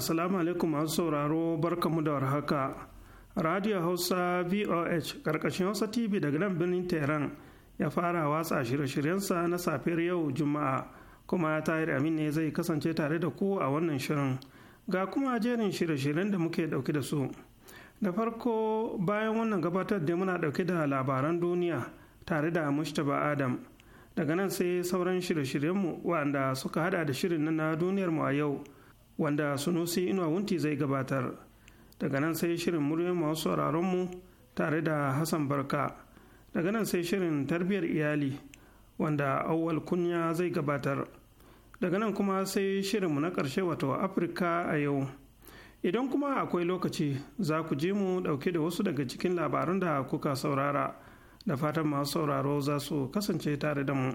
assalamu alaikum masu sauraro barkamu da warhaka radio hausa voh karkashin hausa tv daga nan birnin tehran ya fara watsa shirye-shiryensa na safiyar yau juma'a kuma tahir amin ne zai kasance tare da ku a wannan shirin ga kuma jerin shirye-shiryen da muke ɗauke da su da farko bayan wannan gabatar da muna ɗauke da labaran duniya tare da mustapha adam daga nan sai sauran shirye-shiryenmu waɗanda suka hada da shirin na duniyarmu a yau wanda sunusi inuwa wunti zai gabatar daga nan sai shirin muryoyin masu mu tare da hassan barka daga nan sai shirin tarbiyyar iyali wanda awwal kunya zai gabatar daga nan kuma sai shirin mu na ƙarshe wato afirka a yau idan kuma akwai lokaci za ku je mu ɗauke da wasu daga cikin labarun da kuka saurara da fatan masu sauraro za su kasance tare da mu.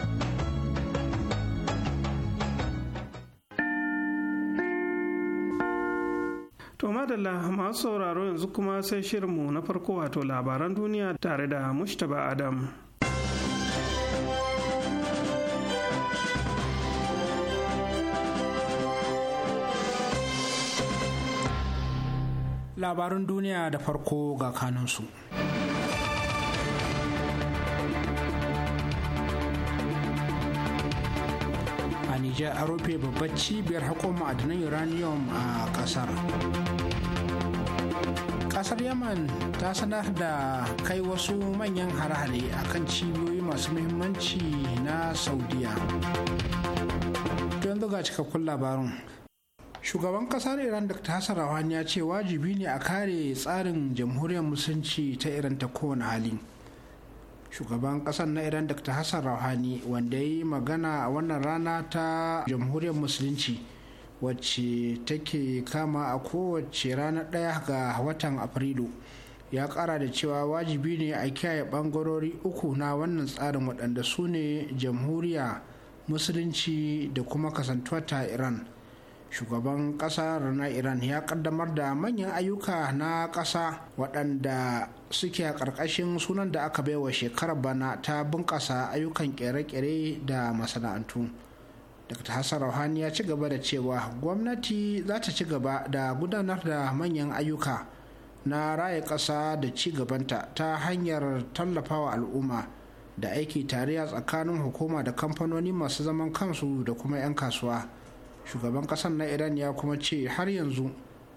To madalla masu sauraro yanzu kuma sai shirinmu na farko wato labaran duniya tare da Mushtaba Adam. Labarin duniya da farko ga kanunsu. Nijar a rufe babbar cibiyar haƙo ma'adanan uranium a ƙasar. Ƙasar Yaman ta sanar da kai wasu manyan hare-hare a kan cibiyoyi masu muhimmanci na Saudiya. Don ga cikakkun labarin. Shugaban ƙasar Iran Dr. Hassan rawani ya ce wajibi ne a kare tsarin jamhuriyar musulunci ta Iran ta kowane hali. shugaban kasar na iran dr hassan rauhani wanda ya yi magana a wannan rana ta jamhuriyar musulunci wacce take kama a kowace ranar ɗaya ga watan afrilu ya ƙara da cewa wajibi ne a kiyaye ɓangarori uku na wannan tsarin waɗanda su ne jamhuriya musulunci da kuma kasantuwa ta iran shugaban kasar na iran ya kaddamar da manyan ayyuka na ƙasa waɗanda suke a ƙarƙashin sunan da aka baiwa shekarar bana ta bunƙasa ayyukan ƙere-ƙere da masana'antu dr hassan rauhani ya ci gaba da cewa gwamnati za ta ci gaba da gudanar da manyan ayyuka na raya ƙasa da ci gabanta ta hanyar tallafawa al'umma da aiki tare a tsakanin hukuma da kamfanoni masu zaman kansu da kuma 'yan kasuwa shugaban ƙasar na iran ya kuma ce har yanzu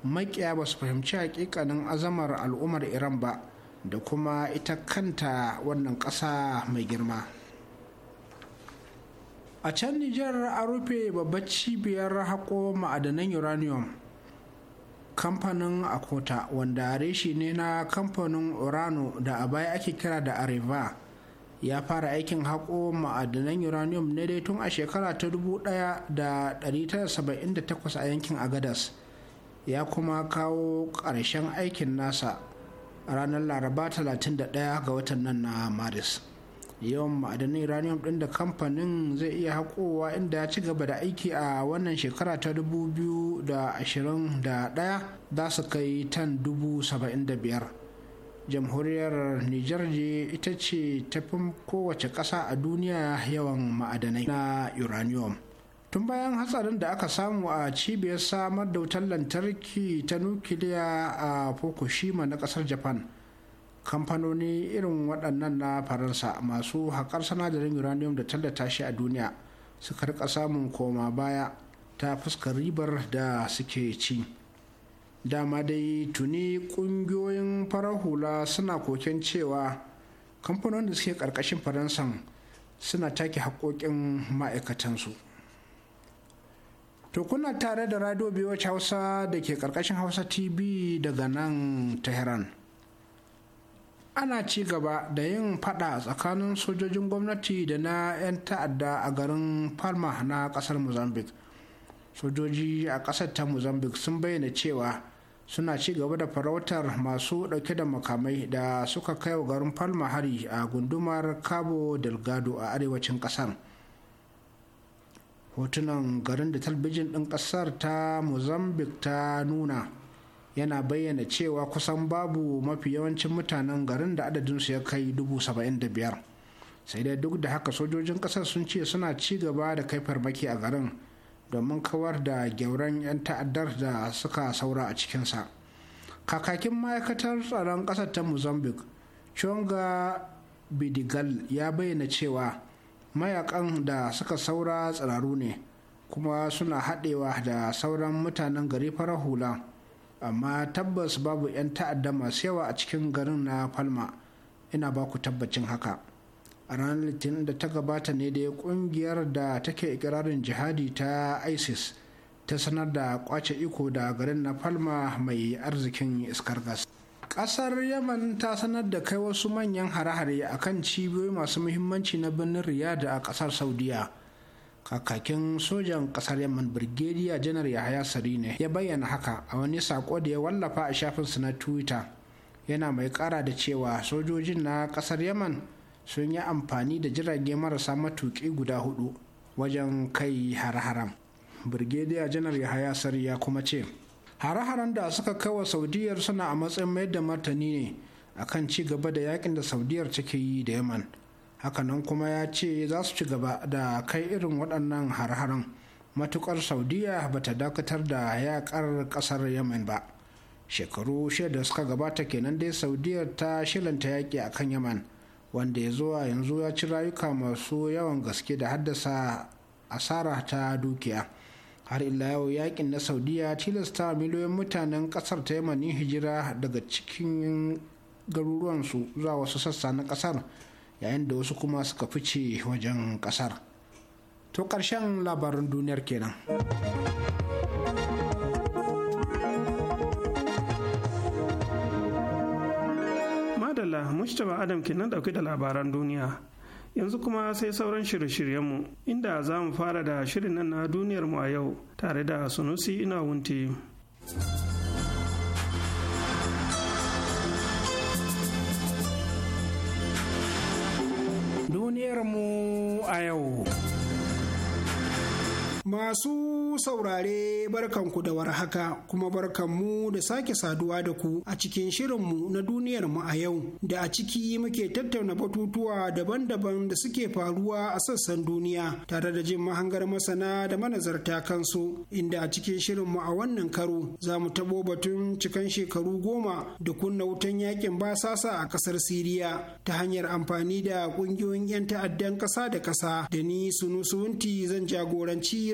makiya ba su fahimci hakikanin azamar al'ummar iran ba da kuma ita kanta wannan ƙasa mai girma a can nijar a rufe babbar cibiyar haƙo ma'adanan uranium kamfanin akota wanda reshi ne na kamfanin urano da a baya ake kira da areva ya fara aikin haƙo ma'adanan uranium ne dai tun a shekara ta 1978 a yankin agadas ya kuma kawo ƙarshen aikin nasa a ranar laraba 31 ga watan nan na maris yawan ma'adanin uranium ɗin da kamfanin zai iya haƙowa inda ya ci gaba da aiki a wannan shekara ta 2021 za su kai tan biyar jamhuriyar nijar ita ce tafin kowace ƙasa a duniya yawan ma'adanai na uranium tun bayan hatsarin da aka samu a cibiyar samar da wutar lantarki ta nukiliya a fukushima na kasar japan kamfanoni irin waɗannan na faransa masu haƙar sanadarin uranium da tallata shi a duniya suka rika samun koma baya ta fuskar ribar da suke ci dama dai tuni ƙungiyoyin farar hula suna koken cewa kamfanonin da suke ƙarƙashin faransan suna take haƙoƙin ma'aikatansu To kuna tare da Radio BH Hausa da ke ƙarƙashin Hausa TV daga nan Tehran. Ana ci gaba da yin fada tsakanin sojojin gwamnati da na 'yan ta'adda a garin Palma na kasar Mozambique. Sojoji a ƙasar ta Mozambique sun bayyana cewa suna ci gaba da farautar masu ɗauke da makamai da suka kai wa garin Palma hari a gundumar Cabo Delgado a arewacin ƙasar. hotunan garin da talbijin ɗin ƙasar ta mozambique ta nuna yana bayyana cewa kusan babu mafi yawancin mutanen garin da adadinsu ya kai dubu saba'in da biyar sai dai duk da haka sojojin ƙasar sun ce suna ci gaba da kai farmaki a garin domin kawar da gyauran 'yan ta'addar da suka saura a cikinsa kakakin ma'aikatar tsaron ƙasar ta mozambique chonga bidigal ya bayyana cewa mayakan da suka saura tsiraru ne kuma suna haɗewa da sauran mutanen gari fara hula amma tabbas babu 'yan ta'adda masu yawa a cikin garin na palma ina ba ku tabbacin haka a ranar litinin da ta gabata ne da kungiyar da take ikirarin jihadi ta isis ta sanar da kwace iko da garin na palma mai arzikin iskar gas Ƙasar yaman ta sanar da kai wasu manyan hare-hare a kan cibiyoyi masu muhimmanci na birnin riyada a ƙasar saudiya kakakin sojan Ƙasar yaman birgediya janar yahaya sarine ya bayyana haka a wani sako da ya wallafa a shafinsa na twitter yana mai ƙara da cewa sojojin na ƙasar yaman sun yi amfani da jirage marasa matuƙi guda hudu wajen kai har-haram birgediya janar yahaya sari ya kuma ce hare-haren da suka wa saudiyar suna a matsayin mai da martani ne akan ci gaba da yakin da saudiyar take yi da yaman hakanan kuma ya ce za su ci gaba da kai irin waɗannan hare haren matukar saudiya ba ta dakatar da yaƙar ƙasar yaman ba shekaru shida suka gabata kenan dai saudiyar ta shilanta yaƙi a kan yaman wanda ya zuwa yanzu ya ci rayuka masu yawan gaske da haddasa asara ta dukiya. har ila yau yakin na saudiya tilasta miliyoyin mutanen kasar ta yamani hijira daga cikin garuruwansu zuwa wasu sassa na kasar yayin da wasu kuma suka fice wajen kasar to ƙarshen labarin duniyar kenan madala mustapha adam kenan dauke da labaran duniya yanzu kuma sai sauran shirye-shiryenmu inda za mu fara da shirin nan na duniyarmu a yau tare da sunusi ina wunti duniyarmu a yau Masu saurare barkanku da warhaka kuma barkanmu da sake saduwa da ku a cikin shirinmu na duniyarmu a yau da a ciki muke tattauna batutuwa daban-daban da suke faruwa a sassan duniya tare da jin mahangar masana da manazarta kansu inda a cikin shirinmu a wannan karo za mu taɓo batun cikan shekaru goma da kunna wutan yakin basasa a ƙasar Siriya ta hanyar amfani da ƙungiyoyin 'yan ta'addan ƙasa da ƙasa da ni Sunusunti zan jagoranci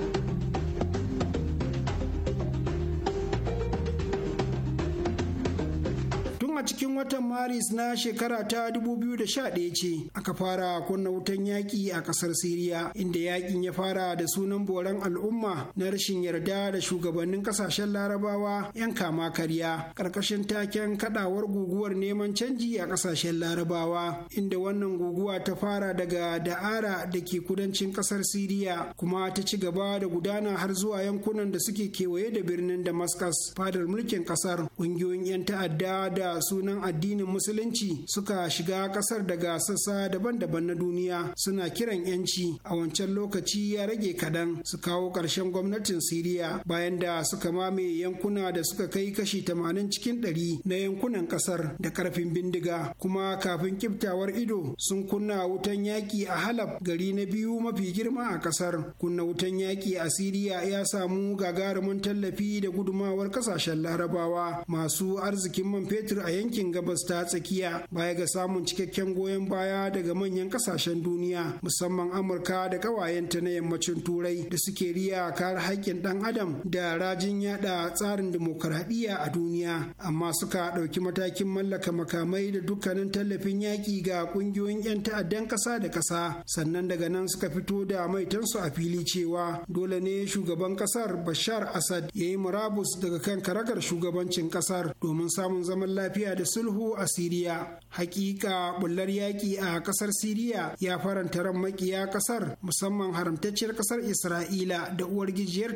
a cikin watan maris na shekara ta 2011 ce aka fara kunna wutan yaƙi a ƙasar siriya inda yaƙin ya fara da sunan boran al'umma na rashin yarda da shugabannin ƙasashen larabawa 'yan kama karya ƙarƙashin taken kaɗawar guguwar neman canji a ƙasashen larabawa inda wannan guguwa ta fara daga da'ara da ke kudancin ƙasar siriya kuma ta ci gaba da gudana har zuwa yankunan da suke kewaye da birnin damascus fadar mulkin ƙasar ƙungiyoyin 'yan ta'adda da sunan addinin musulunci suka shiga kasar daga sassa daban-daban na duniya suna kiran yanci a wancan lokaci ya rage kadan su kawo ƙarshen gwamnatin siriya bayan da suka mame yankuna da suka kai kashi tamanin cikin 100 na yankunan kasar da ƙarfin bindiga kuma kafin kiftawar ido sun kunna wutan yaƙi a halab gari na biyu mafi girma a kasar kunna wutan yaƙi a siriya ya samu gagarumin tallafi da gudumawar kasashen larabawa masu arzikin man fetur a yankin gabas ta tsakiya baya ga samun cikakken goyon baya daga manyan kasashen duniya musamman amurka da kawayenta na yammacin turai da suke riya kar haƙƙin ɗan adam da rajin yada tsarin dimokuraɗiyya a duniya amma suka ɗauki matakin mallaka makamai da dukkanin tallafin yaƙi ga ƙungiyoyin 'yan ta'addan ƙasa da ƙasa sannan daga nan suka fito da maitansu a fili cewa dole ne shugaban ƙasar bashar asad ya yi murabus daga kan karagar shugabancin ƙasar domin samun zaman lafiya siriya da sulhu a Siriya. Hakika bullar yaƙi a ƙasar Siriya ya faranta ran makiya ƙasar musamman haramtacciyar ƙasar Isra'ila da uwar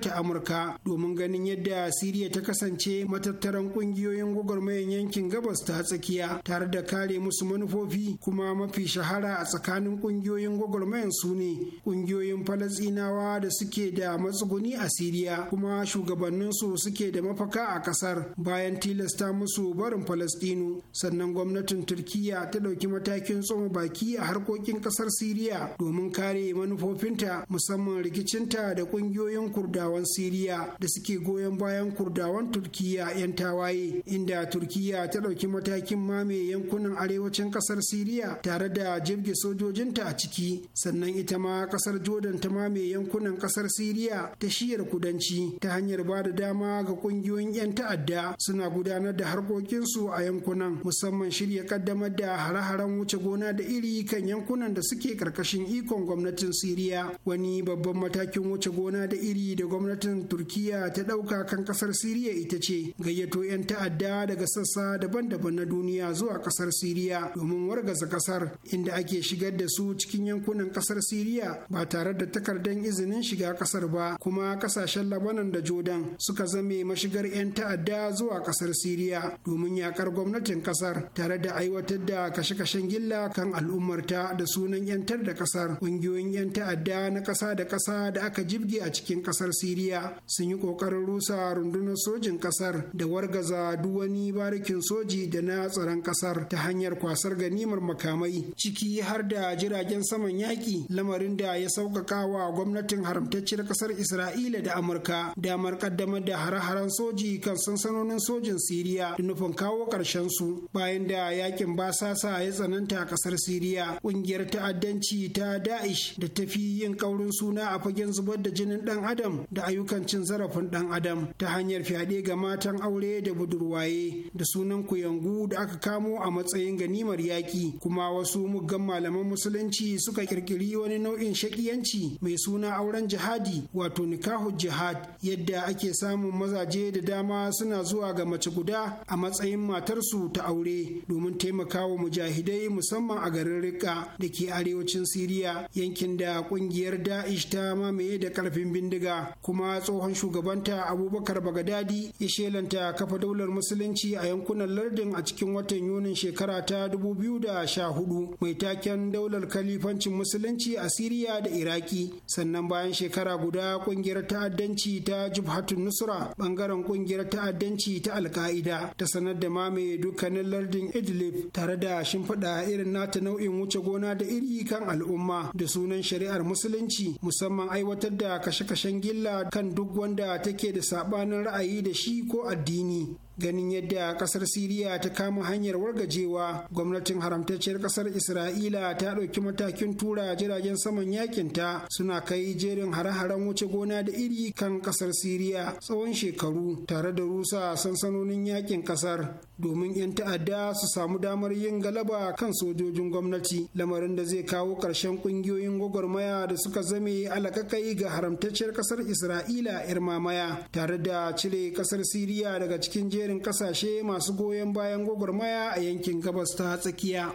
ta Amurka domin ganin yadda Siriya ta kasance matattaran ƙungiyoyin gwagwarmayan yankin gabas ta tsakiya tare da kare musu manufofi kuma mafi shahara a tsakanin ƙungiyoyin gwagwarmayan su ne ƙungiyoyin Falasɗinawa da suke da matsuguni a Siriya kuma shugabanninsu suke da mafaka a ƙasar bayan tilasta musu barin Falasɗin falastinu sannan gwamnatin Turkiyya ta ɗauki matakin tsoma baki a harkokin ƙasar siriya domin kare manufofinta musamman rikicinta da ƙungiyoyin kurdawan siriya da suke goyon bayan kurdawan Turkiyya 'yan tawaye inda Turkiyya ta ɗauki matakin mame yankunan arewacin ƙasar siriya tare da jirgi sojojinta a ciki sannan ita ma ƙasar jordan ta mame yankunan ƙasar siriya ta shiyar kudanci ta hanyar ba da dama ga ƙungiyoyin 'yan ta'adda suna gudanar da harkokinsu a yankunan yankunan musamman shirya kaddamar da hare-haren wuce gona da iri kan yankunan da suke karkashin ikon gwamnatin siriya wani babban matakin wuce gona da iri da gwamnatin turkiya ta ɗauka kan ƙasar siriya ita ce gayyato 'yan ta'adda daga sassa daban-daban na duniya zuwa ƙasar siriya domin wargaza ƙasar inda ake shigar da su cikin yankunan ƙasar siriya ba tare da takardar izinin shiga ƙasar ba kuma ƙasashen labanan da jordan suka zame mashigar 'yan ta'adda zuwa ƙasar siriya domin yakar gwamnatin kasar tare da aiwatar da kashe-kashen gilla kan al'ummarta da sunan 'yantar da kasar ƙungiyoyin 'yan ta'adda na ƙasa da ƙasa da aka jibge a cikin ƙasar siriya sun yi ƙoƙarin rusa rundunar sojin ƙasar da wargaza duk wani barikin soji da na tsaron ƙasar ta hanyar kwasar ganimar makamai ciki har da jiragen saman yaƙi lamarin da ya sauƙaƙa wa gwamnatin haramtacciyar ƙasar isra'ila da amurka damar ƙaddamar da hare-haren soji kan sansanonin sojin siriya da nufin kawo ƙarshen su bayan da yakin basasa ya tsananta a ƙasar siriya ƙungiyar ta'addanci ta da'ish da ta fi yin kaurin suna a fagen zubar da jinin ɗan adam da ayyukan cin zarafin ɗan adam ta hanyar fyaɗe ga matan aure da budurwaye da sunan kuyangu da aka kamo a matsayin ganimar yaƙi kuma wasu muggan malaman musulunci suka ƙirƙiri wani nau'in shakiyanci mai suna auren jihadi wato nikahu jihad yadda ake samun mazaje da dama suna zuwa ga mace guda a matsayin matar matarsu ta aure domin taimakawa mujahidai musamman a garin Rika da ke arewacin Siriya yankin da ƙungiyar Da'ish ta mamaye da karfin bindiga kuma tsohon shugabanta Abubakar Bagadadi ya shelanta kafa daular musulunci a yankunan lardin a cikin watan Yunin shekara ta dubu biyu da sha hudu mai taken daular kalifancin musulunci a Siriya da Iraki sannan bayan shekara guda ƙungiyar ta'addanci ta Jubhatun Nusra bangaren ƙungiyar ta'addanci ta Alka'ida ta sanar da mamaye dukkanin lardin idlib tare da shimfiɗa irin nata nau'in wuce gona da iri kan al'umma da sunan shari'ar musulunci musamman aiwatar da kashe-kashen gilla kan duk wanda take da saɓanin ra'ayi da shi ko addini ganin yadda kasar siriya ta kama hanyar wargajewa gwamnatin haramtacciyar kasar isra'ila ta ɗauki matakin tura jiragen saman yakin ta suna kai jerin hare-haren wuce gona da iri kan kasar siriya tsawon shekaru tare da rusa sansanonin yakin kasar domin 'yan ta'adda su samu damar yin galaba kan sojojin gwamnati lamarin da zai kawo ƙarshen ƙungiyoyin gwagwarmaya da suka zame alakakai ga haramtacciyar kasar isra'ila 'yar mamaya tare da cire kasar siriya daga cikin jerin jerin kasashe masu goyon bayan gwagwarmaya a yankin gabas ta tsakiya.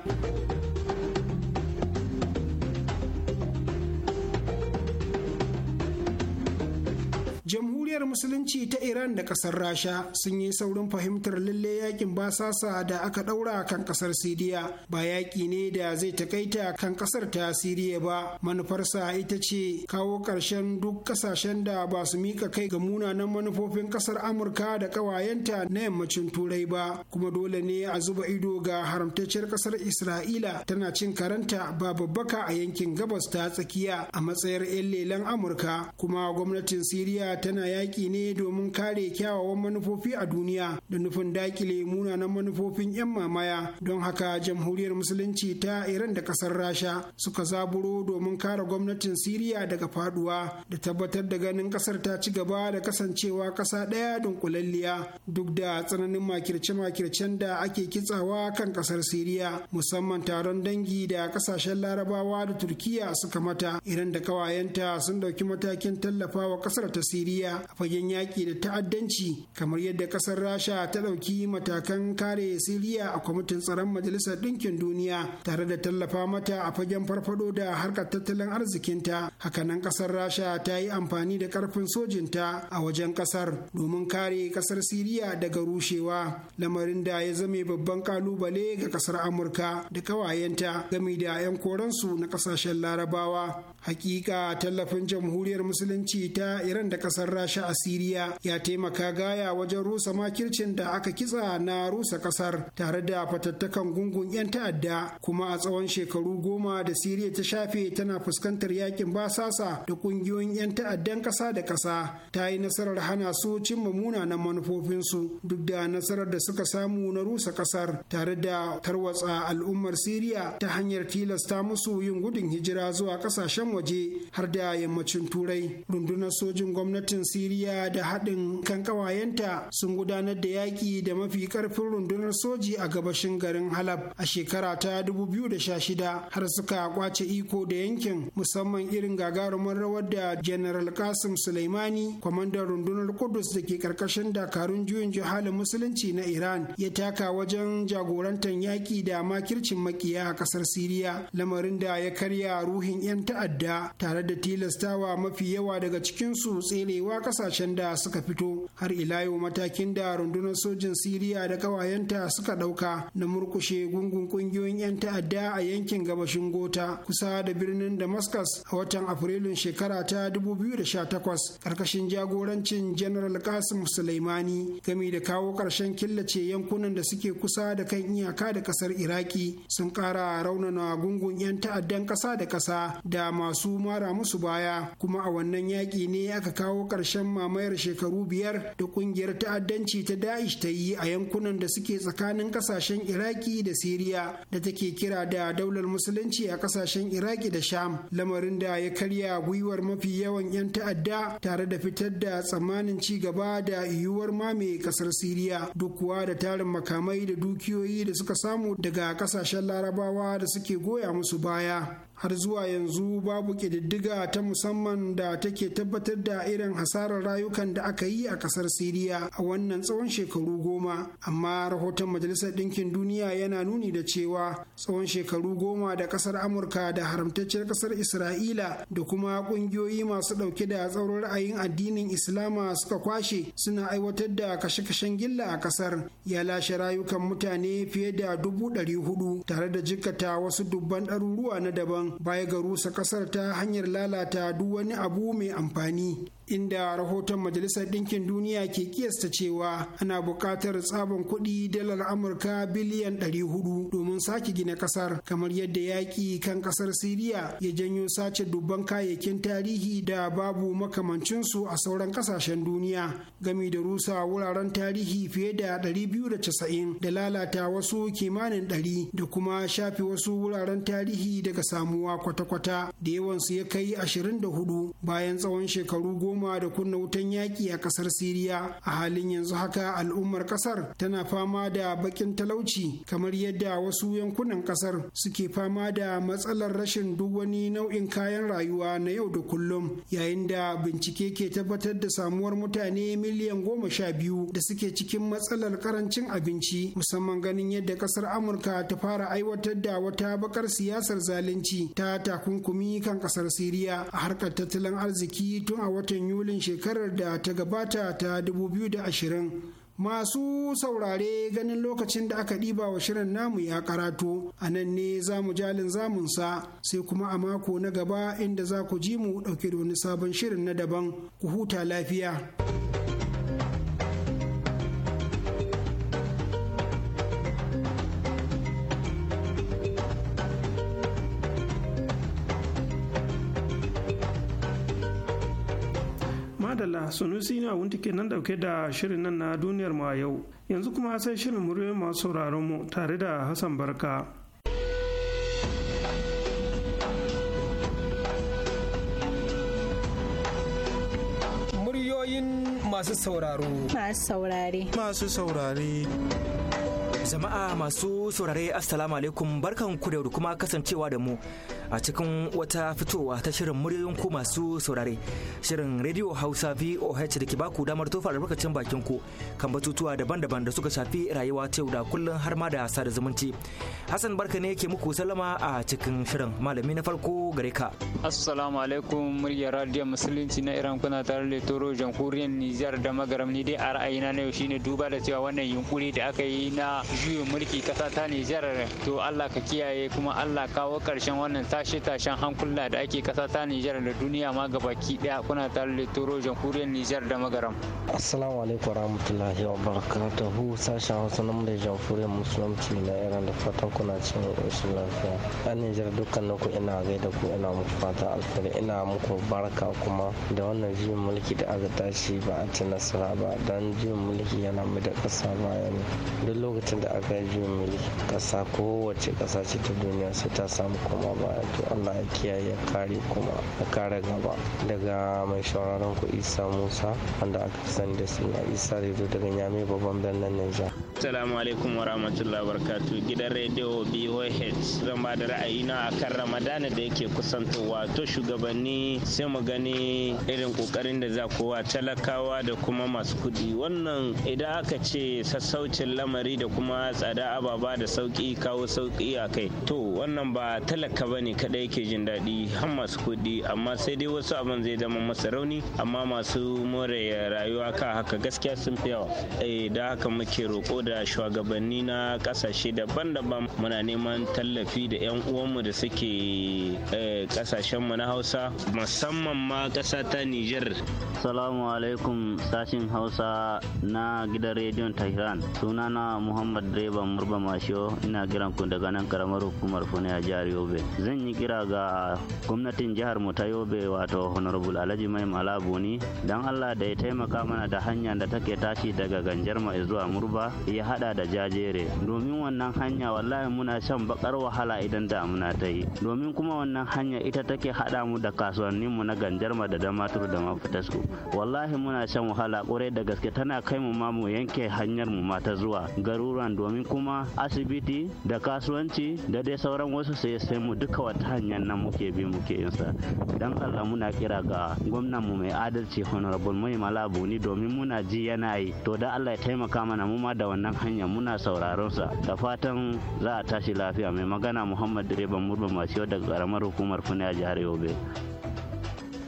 jamhuriyar musulunci ta iran da ƙasar rasha sun yi saurin fahimtar lalle yakin basasa da aka ɗaura kan ƙasar siriya ba yaƙi ne da zai takaita kan ƙasar ta siriya ba manufarsa ita ce kawo ƙarshen duk ƙasashen da ba su mika kai ga munanan manufofin ƙasar amurka da ƙawayenta na yammacin turai ba kuma dole ne a zuba ido ga haramtacciyar ƙasar isra'ila tana cin karanta ba babbaka a yankin gabas ta tsakiya a matsayar 'yan lelen amurka kuma gwamnatin siriya tana ya yaƙi ne domin kare kyawawan manufofi a duniya da nufin dakile munanan manufofin 'yan mamaya don haka jamhuriyar musulunci ta iran da ƙasar rasha suka zaburo domin kare gwamnatin siriya daga faduwa da tabbatar da ganin ƙasar ta ci gaba da kasancewa ƙasa ɗaya dunkulalliya duk da tsananin makirce-makircen da ake kitsawa kan ƙasar siriya musamman taron dangi da ƙasashen larabawa da turkiya suka mata iran da ƙawayenta sun ɗauki matakin tallafa wa ƙasar ta siriya a fagen yaƙi da ta'addanci kamar yadda ƙasar rasha ta ɗauki matakan kare siriya a kwamitin tsaron majalisar ɗinkin duniya tare da tallafa mata a fagen farfado da harkar tattalin arzikinta hakanan ƙasar rasha ta yi amfani da ƙarfin sojinta a wajen ƙasar domin kare ƙasar siriya daga rushewa lamarin da ya zame babban ƙalubale ga ƙasar amurka da ƙawayenta game da 'yan koransu na ƙasashen larabawa Hakika tallafin jamhuriyar musulunci ta Iran da kasar Rasha a Siriya ya taimaka gaya wajen rusa makircin da aka kitsa na rusa kasar tare da fatattakan gungun 'yan ta'adda kuma a tsawon shekaru goma da Siriya ta shafe tana fuskantar yakin basasa da kungiyoyin 'yan ta'addan kasa da kasa ta yi nasarar hana su cimma na manufofinsu duk da nasarar da suka samu na rusa kasar tare da tarwatsa al'ummar Siriya ta hanyar tilasta musu yin gudun hijira zuwa kasashen waje har da yammacin turai rundunar sojin gwamnatin siriya da haɗin kan ƙawayenta sun gudanar da yaƙi da mafi ƙarfin rundunar soji a gabashin garin halab a shekara ta 2016 har suka kwace iko da yankin musamman irin gagarumin rawar da general kasim suleimani kwamandan rundunar kudus da ke karkashin dakarun juyin jihalin musulunci na iran ya taka wajen jagorantar yaƙi da makircin makiya a ƙasar siriya lamarin da ya karya ruhin 'yan ta'adda ta'adda tare da tilastawa mafi yawa daga cikinsu tserewa kasashen da suka fito har ila yau matakin da rundunar sojin siriya da kawayenta suka ɗauka na murkushe gungun ƙungiyoyin 'yan ta'adda a yankin gabashin gota kusa da birnin damascus a watan afrilun shekara ta 2018 ƙarƙashin jagorancin general kasim suleimani gami da kawo ƙarshen killace yankunan da suke kusa da kan iyaka da ƙasar iraki sun ƙara raunana gungun 'yan ta'addan ƙasa da ƙasa da masu masu mara musu baya kuma a wannan yaƙi ne aka kawo ƙarshen mamayar shekaru biyar da ƙungiyar ta'addanci ta Da'ish ta yi a yankunan da suke tsakanin ƙasashen Iraki da Siriya da take kira da daular musulunci a ƙasashen Iraki da Sham lamarin da ya karya gwiwar mafi yawan 'yan ta'adda tare da fitar da tsammanin ci gaba da yiwuwar mame ƙasar Siriya duk kuwa da tarin makamai da dukiyoyi da suka samu daga ƙasashen Larabawa da suke goya musu baya. har zuwa yanzu babu ƙididdiga ta musamman da take tabbatar da irin hasarar rayukan da aka yi a ƙasar siriya a wannan tsawon shekaru goma amma rahoton majalisar ɗinkin duniya yana nuni da cewa tsawon shekaru goma da ƙasar amurka da haramtacciyar ƙasar isra'ila da kuma ƙungiyoyi masu ɗauke da tsaurin ra'ayin addinin islama suka kwashe suna aiwatar da kashe-kashen gilla a ƙasar ya lashe rayukan mutane fiye da dubu ɗari hudu tare da jikkata wasu dubban ɗaruruwa na daban baya ga rusa kasar ta hanyar lalata duk wani abu mai amfani inda rahoton majalisar ɗinkin duniya ke kiyasta cewa ana buƙatar tsabon kuɗi dalar amurka biliyan 400 domin sake gina ƙasar kamar yadda yaƙi kan ƙasar siriya ya janyo sace dubban kayayyakin tarihi da babu makamancinsu a sauran ƙasashen duniya gami da rusa wuraren tarihi fiye da 290 da lalata wasu kimanin 100 da kuma shafe wasu wuraren tarihi daga samuwa kwata-kwata da yawansu ya kai 24 bayan tsawon shekaru goma koma da kunna wutan yaƙi a ƙasar siriya a halin yanzu haka al'ummar ƙasar tana fama da baƙin talauci kamar yadda wasu yankunan ƙasar suke fama da matsalar rashin duk wani nau'in kayan rayuwa na yau da kullum yayin da bincike ke tabbatar da samuwar mutane miliyan goma sha biyu da suke cikin matsalar karancin abinci musamman ganin yadda ƙasar amurka ta fara aiwatar da wata bakar siyasar zalunci ta takunkumi kan ƙasar siriya a harkar tattalin arziki tun a watan yulin shekarar da ta gabata ta 2020 masu saurare ganin lokacin da aka ɗiba wa shirin namu ya karatu a nan ne za mu jalin zamunsa sai kuma a mako na gaba inda za ku ji mu ɗauke da wani sabon shirin na daban ku huta lafiya. sunusi na wunti nan dauke da shirin nan na duniyar mu a yau yanzu kuma sai shirin muryoyin masu sauraron mu tare da hassan barka muryoyin masu sauraro masu saurare masu saurare Jama'a masu saurare Assalamu alaikum barkan ku da kuma kasancewa da mu a cikin wata fitowa ta shirin muryoyin ku masu saurare. Shirin Radio Hausa VOH da ke baku damar tofa albarkacin bakin ku kan batutuwa daban-daban da suka shafi rayuwa ta yau da kullum har ma da sada zumunci. Hassan barka ne ke muku salama a cikin shirin malami na farko gare ka. Assalamu alaikum muryar Radio Musulunci na Iran kuna tare da Toro Jamhuriyar Nijar da Magaram ni dai a ra'ayina na yau shine duba da cewa wannan yunkuri da aka yi na juyin mulki kasa ta Nijar to Allah ka kiyaye kuma Allah kawo karshen wannan tashe tashen hankula da ake kasa ta Nijar da duniya ma gabaki daya kuna tare da turo jamhuriyar Nijar da magaram. Assalamu alaikum warahmatullahi hu sashen Hausa na da jamhuriyar musulunci na Iran da fatan kuna cin ƙoshin lafiya. A Nijar dukkan ku ina da ku ina muku fata alheri ina muku baraka kuma da wannan juyin mulki da aka tashi ba a ci nasara ba dan juyin mulki yana mai da ƙasa baya ne. Duk lokacin da aka yi juyin kasa ƙasa kowace ƙasa ce ta duniya sai ta samu kuma baya to allah ya kiyaye kare kuma a kare gaba daga mai shawararku ku isa musa wanda aka sani da suna isa rido daga nyame babban birnin nijar Assalamu alaikum wa rahmatullahi barkatu gidan rediyo BOH zan ba da ra'ayina akan Ramadana da yake kusantowa to shugabanni sai mu gani irin kokarin da za kowa talakawa da kuma masu kuɗi wannan idan aka ce sassaucin lamari da kuma tsada ababa da sauki kawo sauki a kai to wannan ba talaka ba ne kaɗai yake jin daɗi har masu kuɗi amma sai dai wasu abin zai zama masa rauni amma masu more rayuwa ka haka gaskiya sun fi yawa eh, da haka muke roƙo da shugabanni na kasashe daban-daban muna neman tallafi da 'yan uwanmu da suke eh, kasashenmu na hausa musamman ma ƙasa ta niger salamu alaikum sashin hausa na gidan rediyon tehran sunana muhammad direban murba masho ina giran ku daga nan karamar hukumar fune a jihar yobe zan yi kira ga gwamnatin jihar mu ta yobe wato honorable alhaji mai malabuni don allah da ya taimaka mana da hanyar da take tashi daga ganjar mai zuwa murba ya hada da jajere domin wannan hanya wallahi muna shan bakar wahala idan damuna ta yi domin kuma wannan hanya ita take hada mu da kasuwannin mu na ganjarma da damatur da mafitasku wallahi muna shan wahala kure da gaske tana kai mu ma mu yanke hanyar mu mata zuwa garuruwan domin kuma asibiti da kasuwanci da dai sauran wasu sai sai mu duka wata hanyar nan muke bi muke sa dan Allah muna kira ga gwamnan mu mai adalci honorable mai malabuni domin muna ji yana yi to da Allah ya taimaka mana mu ma da wannan wannan hanya muna sauraron sa da fatan za a tashi lafiya mai magana muhammad direban murba masu daga karamar hukumar fune a jihar yobe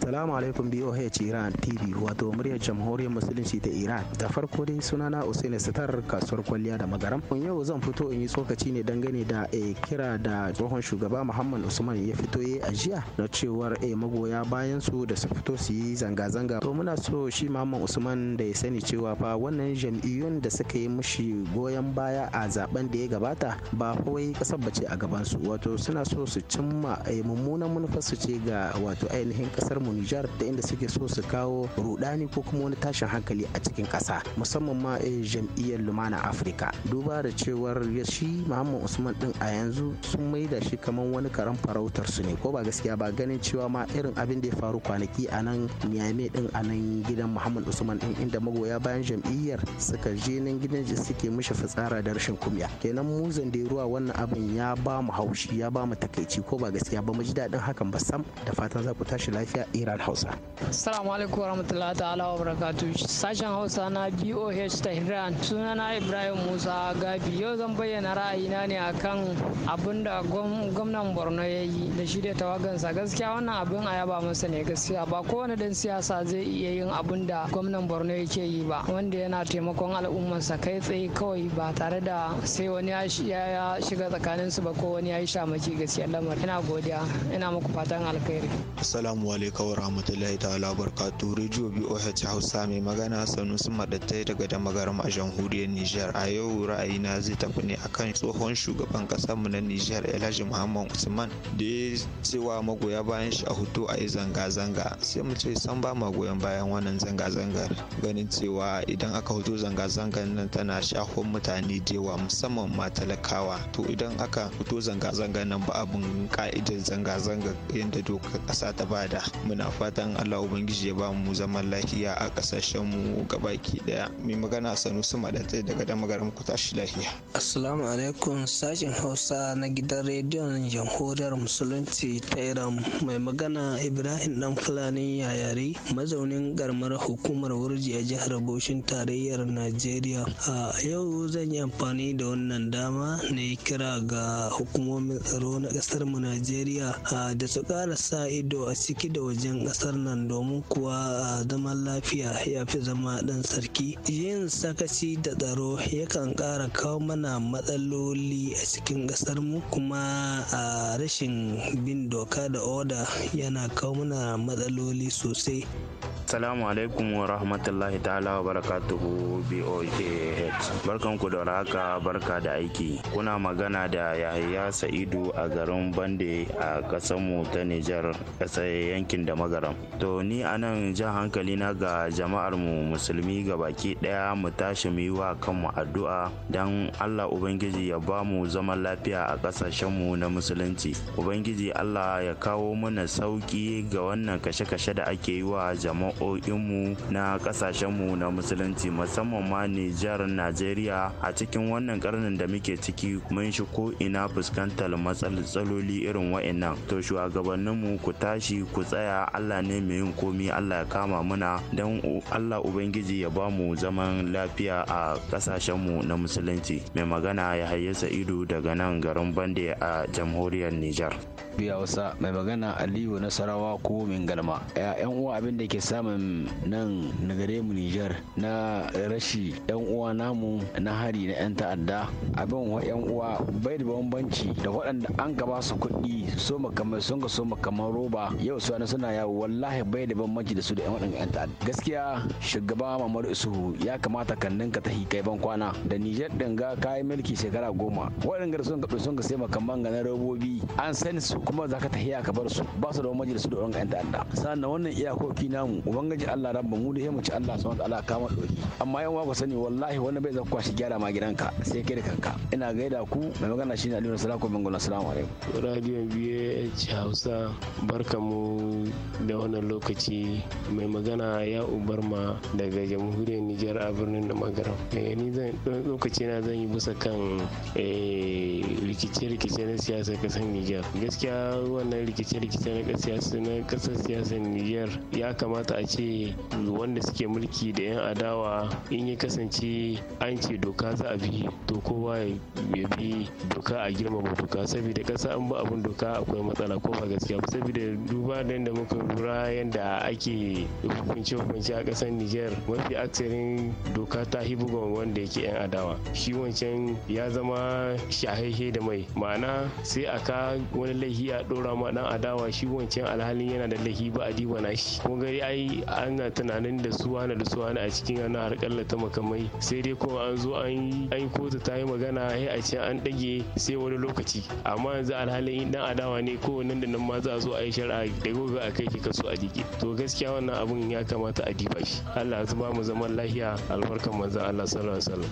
Salamu alaikum BOH Iran TV wato muryar jamhuriyar musulunci ta Iran. Da farko dai sunana Usaini Sitar kasuwar kwalliya da magaram. Kun yau zan fito in yi tsokaci ne dangane da a eh, kira da tsohon shugaba Muhammad Usman ya fito ya a jiya na cewar a eh, magoya bayan su da su fito su yi zanga-zanga. To muna so shi Muhammad Usman da ya sani cewa fa wannan jam'iyyun da suka yi mushi goyon baya a zaben da ya gabata ba kawai kasar bace a gabansu. su wato suna so su cimma a eh, mummunan manufar su ce ga wato ainihin kasar mu Nijar da inda suke so su kawo rudani ko kuma wani tashin hankali a cikin kasa musamman ma eh, jam'iyyar Lumana Afirka duba da cewar shi Muhammad Usman din a yanzu sun maida shi kamar wani karan farautar su ne ko ba gaskiya ba ganin cewa ma irin abin da ya faru kwanaki a nan Niamey din a nan gidan Muhammad Usman din inda magoya bayan jam'iyyar suka je nan gidan suke mishi fitsara da rashin kumya kenan mu da ruwa wannan abin ya ba mu haushi ya ba mu takaici ko ba gaskiya ba mu ji daɗin hakan ba sam da fatan za ku tashi lafiya hirar hausa assalamu alaikum warahmatullahi ta'ala wa barakatu sashen hausa na boh tehran sunana ibrahim musa gabi yau zan bayyana ra'ayina ne akan abin da gwamnan borno ya yi da shi da tawagansa gaskiya wannan abin a yaba masa ne gaskiya ba kowane dan siyasa zai iya yin abin da gwamnan borno yake yi ba wanda yana taimakon al'ummarsa kai tsaye kawai ba tare da sai wani ya shiga tsakaninsu ba ko wani ya yi shamaki gaskiya lamar ina godiya ina muku fatan alkhairi assalamu alaikum wa rahmatullahi ta'ala barkatu radio BOH Hausa mai magana Sanusi Madattai daga da magaram a jamhuriyar Nijar a yau ra'ayi na zai tafi ne akan tsohon shugaban kasar mu na Nijar elhaji Muhammad Usman da ya cewa magoya bayan shi a hoto a yi zanga-zanga sai mu ce san ba ma goyon bayan wannan zanga-zangar ganin cewa idan aka hoto zanga-zangar nan tana shafon mutane da yawa musamman ma talakawa to idan aka hoto zanga-zangar nan ba abin ka'idar zanga-zangar yadda dokar ƙasa ta bada muna na fatan allah ubangiji ya ba mu zaman lafiya a kasashen mu gabaki daya mai magana sanusi madatai daga damagaram ku tashi lafiya assalamu alaikum sashen hausa na gidan rediyon jamhuriyar musulunci ta iran mai magana ibrahim dan fulani yayari mazaunin garmar hukumar wurji a jihar bauchin tarayyar najeriya a yau zan yi amfani da wannan dama na kira ga hukumomin tsaro na kasar mu najeriya da su ƙara sa ido a ciki da wajen Yan ƙasar nan domin kuwa a zaman lafiya ya fi zama ɗan sarki yin sakaci da tsaro yakan ƙara kawo mana matsaloli a cikin ƙasar mu kuma a rashin bin doka da oda yana kawo mana matsaloli sosai Salamu alaikum wa rahmatullahi ta'ala wa barakatuhu BOAH. Barkan ku da raka, barka da aiki. Kuna magana da Yahaya Sa'idu a garin Bande a mu ta Nijar, ƙasar yankin da magaram to ni anan nan jan hankali na ga jama'ar mu musulmi ga baki ɗaya mu tashi mu yi wa kanmu addu'a dan allah ubangiji ya ba mu zaman lafiya a kasashen mu na musulunci ubangiji allah ya kawo mana sauki ga wannan kashe-kashe da ake yi wa jama'o'inmu na kasashen mu na musulunci musamman ma nijar najeriya a cikin wannan karnin da muke ciki mun shi ko ina fuskantar matsaloli irin wa'annan to shugabanninmu ku tashi ku tsaya Allah ne mai yin komi Allah ya kama muna don Allah Ubangiji ya ba mu zaman lafiya a ƙasashenmu na musulunci mai magana ya hayyasa ido daga nan garin bande a jamhuriyar Nijar. biya wasa mai magana aliyu nasarawa ko min galma yan uwa abin da ke samun nan na gare mu nijar na rashi yan uwa namu na hari na yan ta'adda abin wa yan uwa bai da bambanci da waɗanda an gaba su kuɗi so makamai sun ga so roba yau su suna ya wallahi bai da bambanci da su da yan waɗanda yan ta'adda gaskiya shugaba mamadu isuhu ya kamata kannin ka tahi kai ban kwana da nijar din ga kayan mulki shekara goma waɗanda sun ka sun ka sai makamman ga na robobi an san su kuma za ka hiya ka bar su ba su da bambanci da su da yan ta'adda sannan wannan iyakoki namu ubangiji allah rabba mu da ya muci allah subhanahu wa ta'ala kama doki amma yan ku sani wallahi wani bai zaka kwashi gyara ma gidanka sai kai da kanka ina gaida ku mai magana shine Aliyu Salako Bengo assalamu alaikum radio BH Hausa barkamu da wannan lokaci mai magana ya ubarma daga jamhuriyar Nijar a birnin da magaram. Eh, ni zan lokaci na zan yi bisa kan eh, rikice-rikice na siyasar kasar Nijar. Gaskiya wannan rikice-rikice na kasar siyasar Nijar ya kamata a ce wanda suke mulki da 'yan adawa in ya kasance an ce doka za a bi to kowa ya bi doka a girmama doka saboda kasa an ba abin doka akwai matsala ko ba gaskiya ba saboda duba da yadda lura yadda ake hukunce hukunce a ƙasar niger mafi aksarin doka ta hibugon wanda yake 'yan adawa shi wancan ya zama shahaihe da mai ma'ana sai a ka wani laihi a ɗora ma ɗan adawa shi wancan alhalin yana da laihi ba a diba na shi kuma gari ai ana tunanin da su wani da su wani a cikin yana harƙalla ta makamai sai dai kuma an zo an yi kotu ta yi magana sai a ce an ɗage sai wani lokaci amma yanzu alhalin ɗan adawa ne ko nan da nan ma za a zo a yi shari'a da gobe a kai kika so a jiki to gaskiya wannan abun ya kamata a diba shi Allah ya zama mu zaman lafiya albarkan manzon Allah sallallahu alaihi wasallam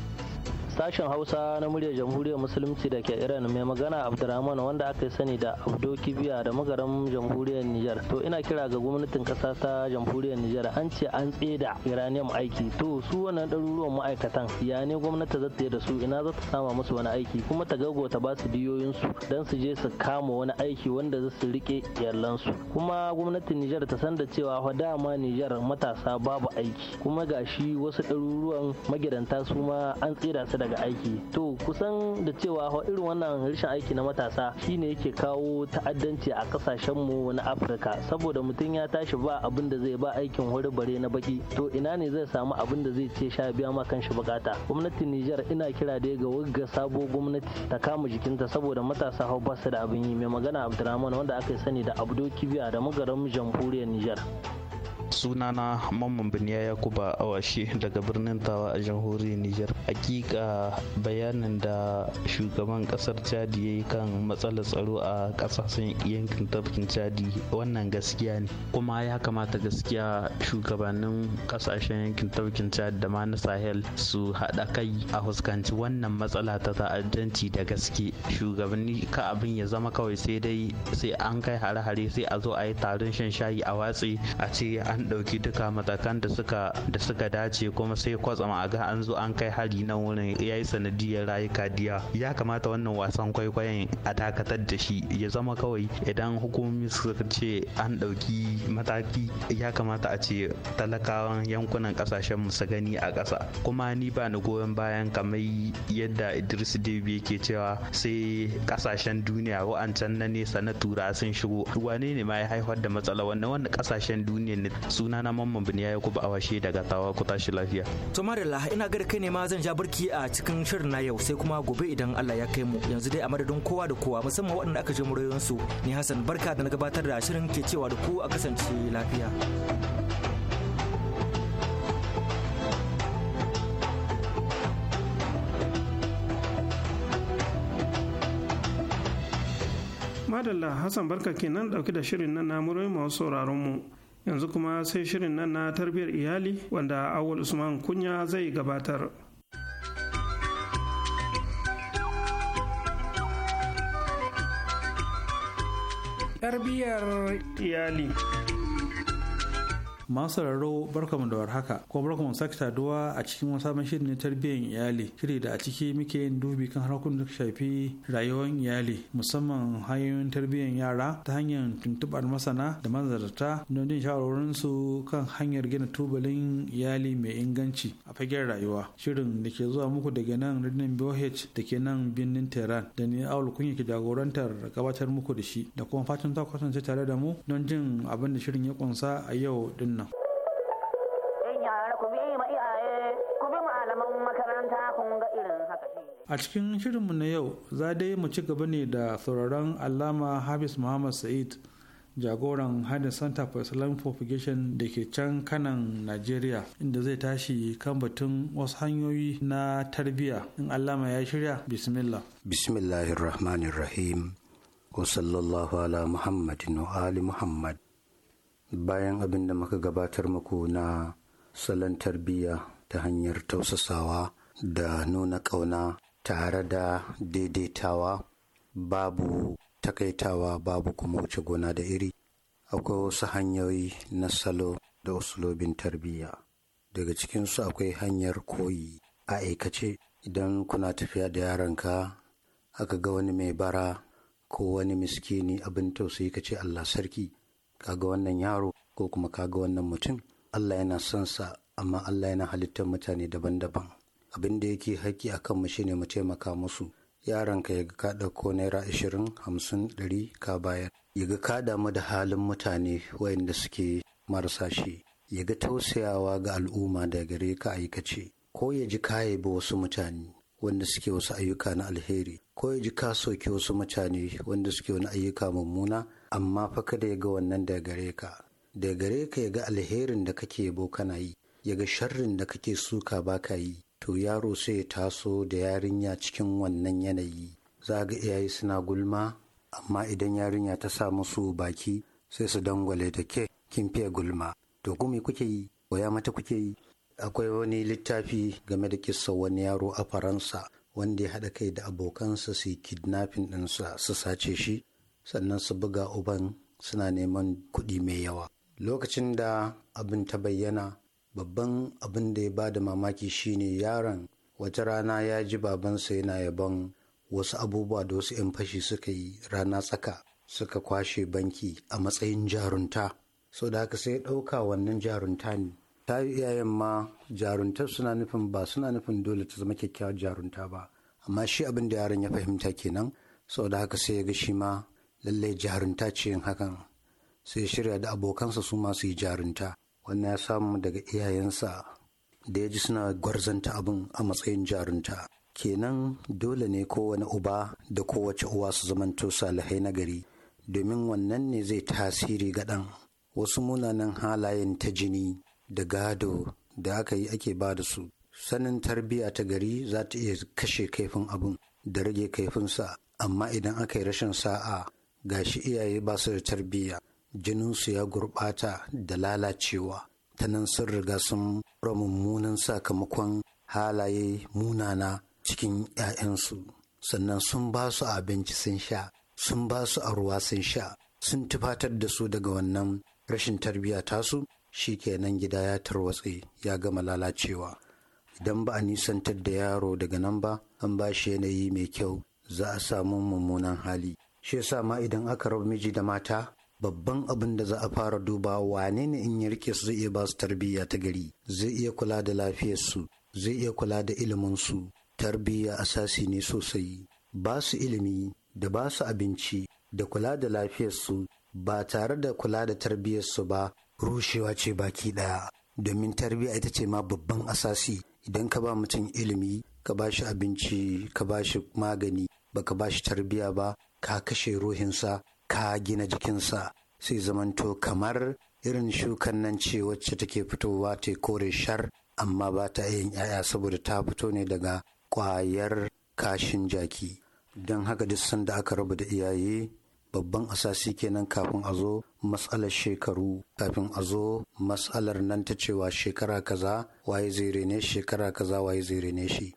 Sashen Hausa na murya Jamhuriyar Musulunci da ke Iran mai magana Abdurrahman wanda aka sani da Abdo Kibiya da magaran Jamhuriyar Nijar. To ina kira ga gwamnatin kasa ta Jamhuriyar Nijar an ce an tseda Iranium aiki. To su wannan ɗaruruwan ma'aikatan ya ne gwamnati za ta yi da su ina za ta sama musu wani aiki kuma ta gagota ba su biyoyinsu su dan su je su kama wani aiki wanda za su rike yallansu. Kuma gwamnatin Nijar ta san da cewa fa dama Nijar matasa babu aiki kuma gashi wasu ɗaruruwan magidanta su ma an tseda su daga aiki to kusan da cewa irin wannan rashin aiki na matasa shine yake kawo ta'addanci a kasashen mu na afirka saboda mutum ya tashi ba abin da zai ba aikin hori bare na baki to ina ne zai samu abin da zai ce sha biya ma kanshi bukata gwamnatin nijar ina kira da ga wagga sabo gwamnati ta kama jikinta saboda matasa hau basu da abin yi mai magana Abdurahman wanda aka sani da abdo kibiya da magaran jamhuriyar nijar sunana mamman biniya yakuba awashi daga birnin tawa a jamhuriyar niger hakika bayanin da shugaban kasar chadi ya yi kan matsalar tsaro a kasashen yankin tafkin chadi wannan gaskiya ne kuma ya kamata gaskiya shugabannin kasashen yankin tafkin chadi da ma na sahel su haɗa kai a fuskanci wannan matsala ta ta'addanci da gaske shugabanni ka abin ya zama kawai sai dai sai an kai hare-hare sai a zo a yi taron shan shayi a watsi a ce an ɗauki duka matakan da suka da suka dace kuma sai kwatsam a ga an zo an kai hari na wurin ya yi sanadiyar rayuka diya ya kamata wannan wasan kwaikwayon a dakatar da shi ya zama kawai idan hukumomi suka ce an ɗauki mataki ya kamata a ce talakawan yankunan ƙasashen su gani a ƙasa kuma ni ba ni goyon bayan kamar yadda idris debi yake cewa sai ƙasashen duniya wa'ancan na nesa na tura sun shigo wane ne ma ya haifar da matsala wannan wanda ƙasashen duniya ne suna na mamman biniya ya ku awashe daga tawa ku tashi lafiya to marilla ina ga kai ne ma zan ja barki a cikin shirin na yau sai kuma gobe idan Allah ya kai mu yanzu dai a madadin kowa da kowa musamman waɗanda aka je murayoyin su ni Hassan barka da na gabatar da shirin ke cewa da ku a kasance lafiya madalla hassan barka kenan dauke da shirin na namurai masu sauraron mu yanzu kuma sai shirin nan na tarbiyyar iyali wanda awul usman kunya zai gabatar tarbiyyar iyali masu raro barkamu da warhaka ko barkamu sake saduwa a cikin wani sabon shirin na tarbiyyar iyali shiri da a ciki muke yin dubi kan harkokin da shafi rayuwar iyali musamman hanyoyin tarbiyyar yara ta hanyar tuntubar masana da manzarta don jin shawarwarin su kan hanyar gina tubalin iyali mai inganci a fagen rayuwa shirin da ke zuwa muku daga nan birnin BOH da ke nan birnin Tehran da ni Awul Kunya ke jagorantar gabatar muku da shi da kuma fatan ta kwatance tare da mu don jin abin da shirin ya kunsa a yau din wannan a cikin shirinmu na yau za dai mu ci gaba ne da sauraron alama hafiz muhammad sa'id jagoran hadin center for islamic propagation da ke can kanan Najeriya, inda zai tashi kan batun wasu hanyoyi na tarbiyya in allama ya shirya bismillah bismillahirrahmanirrahim wa sallallahu ala muhammadin wa ali muhammad bayan abin da muka gabatar muku na salon tarbiyya ta hanyar tausasawa da nuna ƙauna tare da daidaitawa babu takaitawa babu kuma wuce gona da iri akwai wasu hanyoyi na salo da usulobin tarbiyya daga cikinsu akwai hanyar koyi a aikace idan kuna tafiya da yaranka aka ga wani mai bara ko wani miskini abin tausayi ka ce allah sarki kaga wannan yaro ko kuma kaga wannan mutum Allah yana son sa amma Allah yana halittar mutane daban-daban abin da yake haƙƙi akan mu shine mu taimaka musu ka ya ga ka ɗauko naira ashirin hamsin ɗari ka bayar ya ga ka damu da halin mutane wayanda suke marasa shi ya tausayawa ga al'umma da gare ka aikace ko ya ji ka yabi wasu mutane wanda suke wasu ayyuka na alheri ko ya ji ka soke wasu mutane wanda suke wani ayyuka mummuna amma fa kada ya ga wannan da gare ka da gare ka ya ga alherin da kake yabo kana yi ya ga sharrin da kake suka baka yi to yaro sai ya taso da yarinya cikin wannan yanayi za ga iyaye suna gulma amma idan yarinya ta sa musu baki sai su dangwale da ke kin fiye gulma to gumi kuke yi Waya mata kuke yi akwai wani littafi game da kissa wani yaro a faransa wanda ya haɗa kai da abokansa su yi kidnapping ɗinsa su sace shi sannan su buga uban suna neman kuɗi mai yawa lokacin da abin ta bayyana babban abin da ya bada mamaki shine yaron wata rana ya ji babansa yana yabon wasu abubuwa da wasu 'yan fashi suka yi rana tsaka suka kwashe banki a matsayin jarunta so da haka sai ɗauka wannan jarunta ne ta iyayen ma jaruntar suna nufin ba suna nufin dole ta zama kyakkyawar jarunta ba amma shi abin da yaron ya fahimta kenan sau da haka sai ya ga shi ma lallai jarunta ce yin hakan sai shirya da abokansa su masu yi jarunta wannan ya samu daga iyayensa da ya ji suna gwarzanta abin a matsayin jarunta kenan dole ne kowane uba da kowace uwa su zamanto salihai na gari domin wannan ne zai tasiri ga ɗan wasu munanan halayen ta jini da gado da aka yi ake ba da su sanin tarbiyya ta gari za ta iya kashe kaifin abin da rage kaifinsa amma idan aka yi rashin sa'a Ga shi iyaye ba su da tarbiyya jininsu ya gurɓata da lalacewa ta nan sun riga sun ra mummunan sakamakon halaye munana cikin 'ya'yansu sannan sun ba su abinci sun sha sun ba su a ruwa sun sha sun tufatar da su daga wannan rashin tarbiyya tasu shi kenan gida ya tarwatse ya gama lalacewa idan ba a nisantar da yaro daga nan ba an ba shi yanayi mai kyau za a samu mummunan hali shi yasa ma idan aka rabu miji da mata babban abin da za a fara duba wane ne in ya rike su zai iya ba su tarbiyya ta gari zai iya kula da lafiyar su zai iya kula da ilimin su tarbiyya asasi ne sosai ba su ilimi da ba su abinci da kula da lafiyar su ba tare da kula da su ba rushewa ce baki ɗaya domin tarbiyya ita ce ma babban asasi idan ka ba mutum ilimi ka ba shi abinci ka ba shi magani baka ba shi tarbiyya ba ka kashe ruhinsa ka gina jikinsa sai zamanto kamar irin shukan nan ce wacce take fitowa ta kore shar amma ba ta yin yaya saboda ta fito ne daga kwayar kashin jaki don haka duk sanda aka raba da iyaye babban asasi kenan kafin a zo matsalar shekaru kafin a zo matsalar nan ta cewa shekara kaza waye zai rene shekara kaza waye zai rene shi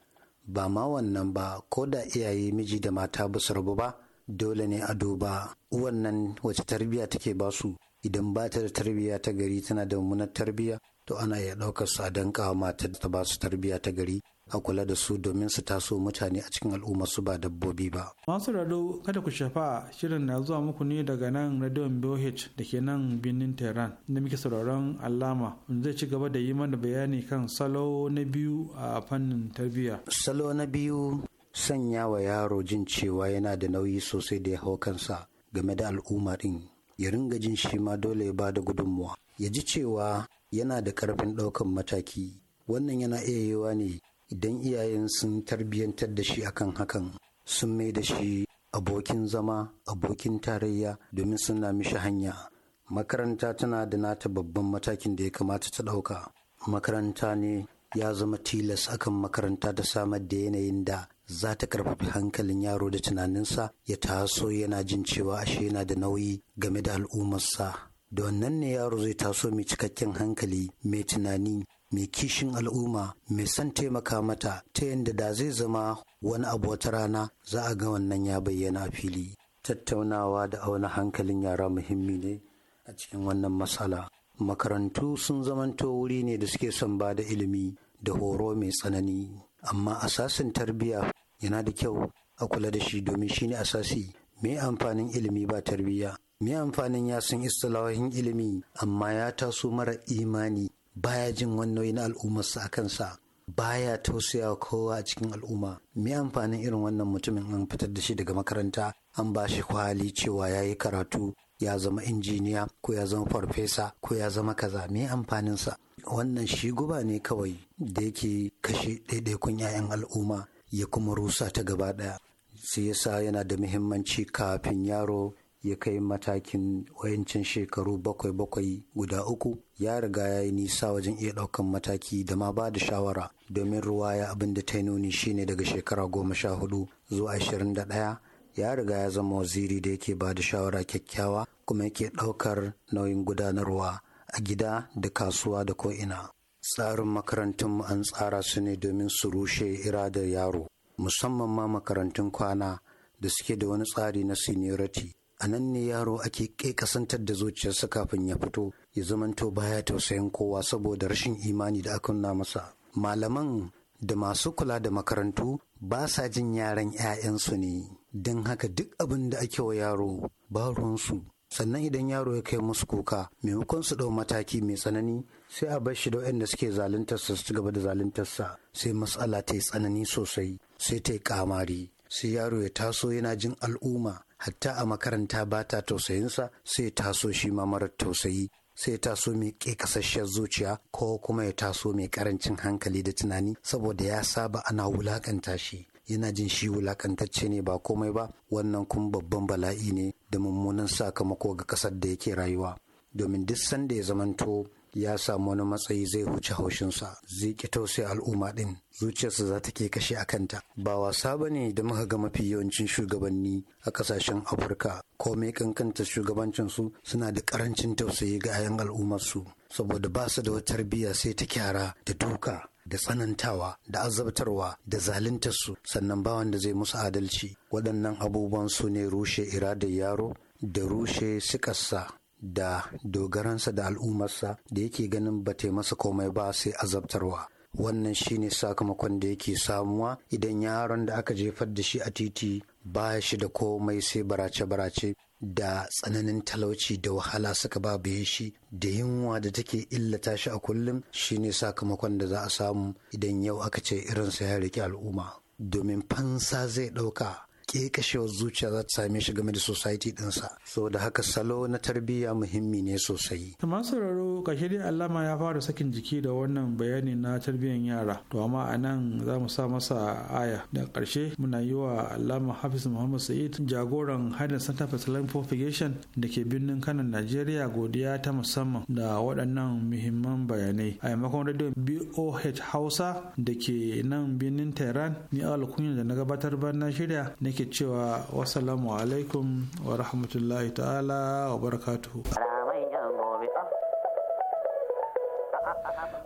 ba ma wannan ba ko da iyaye miji da mata ba su rabu ba dole ne a duba wannan wace tarbiyya take su idan ba ta da tarbiyya ta gari tana da mummunar tarbiyya to ana iya ɗaukar su a danka matar ta ba su tarbiyya ta gari a kula da su domin su taso mutane a cikin al'umma su ba dabbobi ba. Masu rado kada ku shafa shirin na zuwa muku ne daga nan Radio BOH da ke nan birnin Tehran da muke sauraron alama zai ci gaba da yi mana bayani kan salo na biyu a fannin tarbiyya. Salo na biyu sanya wa yaro jin cewa yana da nauyi sosai da ya hau kansa game da al'umma ɗin ya ringa jin shi ma dole ya ba da gudunmuwa ya ji cewa yana da ƙarfin ɗaukan mataki wannan yana iya yiwa ne idan iyayen sun tarbiyyantar da shi akan hakan sun mai da shi abokin zama abokin tarayya domin suna mishi hanya makaranta tana da nata babban matakin da ya kamata ta ɗauka makaranta ne ya zama tilas akan makaranta ta samar da yanayin da za ta karfafi hankalin yaro da tunaninsa ya taso yana jin cewa ashe yana da nauyi game da al'ummarsa da wannan ne yaro zai taso mai cikakken hankali mai tunani mai kishin al'umma mai son taimaka mata ta yadda da zai zama wani abu wata rana za a ga wannan ya bayyana a fili tattaunawa da auna hankalin yara muhimmi ne a cikin wannan matsala makarantu sun zamanto wuri ne da suke son ba da ilimi da horo mai tsanani amma asasin tarbiyya yana da kyau a kula da shi domin shi ne asasi me amfanin ilimi ba tarbiyya me amfanin ya san istilawahin ilimi amma ya taso mara imani baya jin wannan yin al'ummarsa a kansa baya tausaya kowa a cikin al'umma me amfanin irin wannan mutumin an fitar da shi daga makaranta an ba shi kwali cewa ya yi karatu ya zama injiniya ko ya zama farfesa ko ya zama kaza me amfaninsa wannan shi guba ne kawai da yake kashe ɗaiɗaikun 'ya'yan al'umma ya kuma rusa ta gaba ɗaya sai sa yana da muhimmanci kafin yaro ya kai matakin wayancin shekaru bakwai-bakwai guda uku ya riga ya yi nisa wajen iya ɗaukan mataki da ma ba da shawara domin ruwa ya abin da ta nuni shine daga shekara goma sha hudu zuwa ashirin da ɗaya ya riga ya zama waziri da yake ba da shawara kyakkyawa kuma yake ɗaukar nauyin gudanarwa a gida da kasuwa da ko'ina. Tsarin makarantunmu an tsara su ne domin su rushe iradar yaro, musamman ma makarantun kwana da suke da wani tsari na seniority. A nan ne yaro ake ƙeƙasantar da zuciyarsa kafin ya fito ya zamanto baya tausayin kowa saboda rashin imani da aka nuna masa. Malaman da masu kula da makarantu ba sa jin yaran 'ya'yansu ne, don haka duk abin da ake wa yaro ba ruwansu sannan idan yaro ya kai musu kuka maimakon su ɗau mataki mai tsanani sai a bar shi da waɗanda suke zaluntarsa su gaba da sa sai matsala ta yi tsanani sosai sai ta yi kamari sai yaro ya taso yana jin al'umma hatta a makaranta ba ta sa sai taso shi ma mara tausayi sai taso mai kasashen zuciya ko kuma ya taso mai karancin hankali da tunani saboda ya saba ana wulakanta shi yana jin shi wulakantacce ne ba komai ba wannan kuma babban bala'i ne da mummunan sakamako ga ƙasar da yake rayuwa domin duk sanda ya zamanto ya samu wani matsayi zai huce haushinsa zai ki tausaya al'umma din zuciyarsa za ta ke kashe a kanta ba wasa ba ne da muka ga mafi yawancin shugabanni a ƙasashen afirka ko mai kankanta shugabancinsu suna da karancin tausayi ga 'ya'yan al'ummarsu saboda ba su da wata tarbiyya sai ta kyara da duka da tsanantawa da azabtarwa da zaluntarsu sannan ba wanda zai musu adalci waɗannan abubuwan su ne rushe iradar yaro da rushe sikarsa da dogaransa da al'ummarsa da yake ganin ba masa komai ba sai azabtarwa wannan shine sakamakon da yake samuwa idan yaron da aka jefar da shi a titi ba shi da komai sai barace-barace da tsananin talauci da wahala suka ba bayan shi da yunwa da take illata shi a kullum shine sakamakon da za a samu idan yau aka ce irinsa ya riƙe al'umma domin fansa zai ɗauka kekashewar zuciya za ta same shi game da society dinsa saboda haka salo na tarbiyya muhimmi ne sosai to masu sauraro kashe dai allama ya fara sakin jiki da wannan bayani na tarbiyyar yara to amma a za mu sa masa aya da karshe muna yi wa allama hafiz muhammad sa'id jagoran hadin center for islamic propagation da ke birnin kano najeriya godiya ta musamman da waɗannan muhimman bayanai a maimakon radio boh hausa da ke nan birnin tehran ni alkunya da na gabatar bana na shirya ke cewa wasalamu alaikum wa rahmatullahi ta'ala wa barakatuhu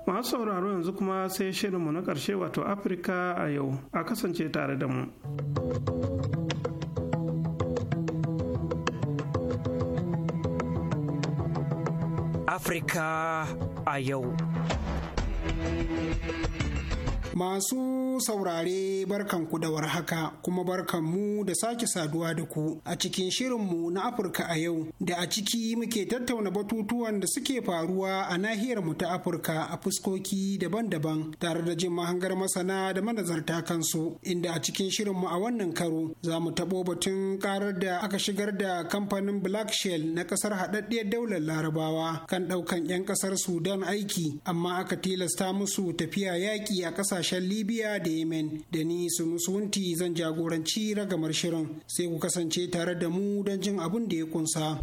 masu sauraro yanzu kuma sai shirinmu na ƙarshe wato afirka a yau a kasance tare da mu afirka a yau Masu saurare barkan ku da warhaka kuma barkan mu da sake saduwa da ku a cikin shirinmu na Afirka a yau da a ciki muke tattauna batutuwan da suke faruwa a nahiyar mu ta Afirka a fuskoki daban-daban tare da jin mahangar masana da manazarta kansu inda a cikin shirinmu a wannan karo za mu tabo batun karar da aka shigar da kamfanin Black Shell na kasar haɗaɗɗiyar daular Larabawa kan ɗaukan 'yan ƙasar Sudan aiki amma aka tilasta musu tafiya yaƙi a ƙasashen kasashen libya da yemen da ni su musunti zan jagoranci ragamar shirin sai ku kasance tare da mu don jin abin da ya kunsa.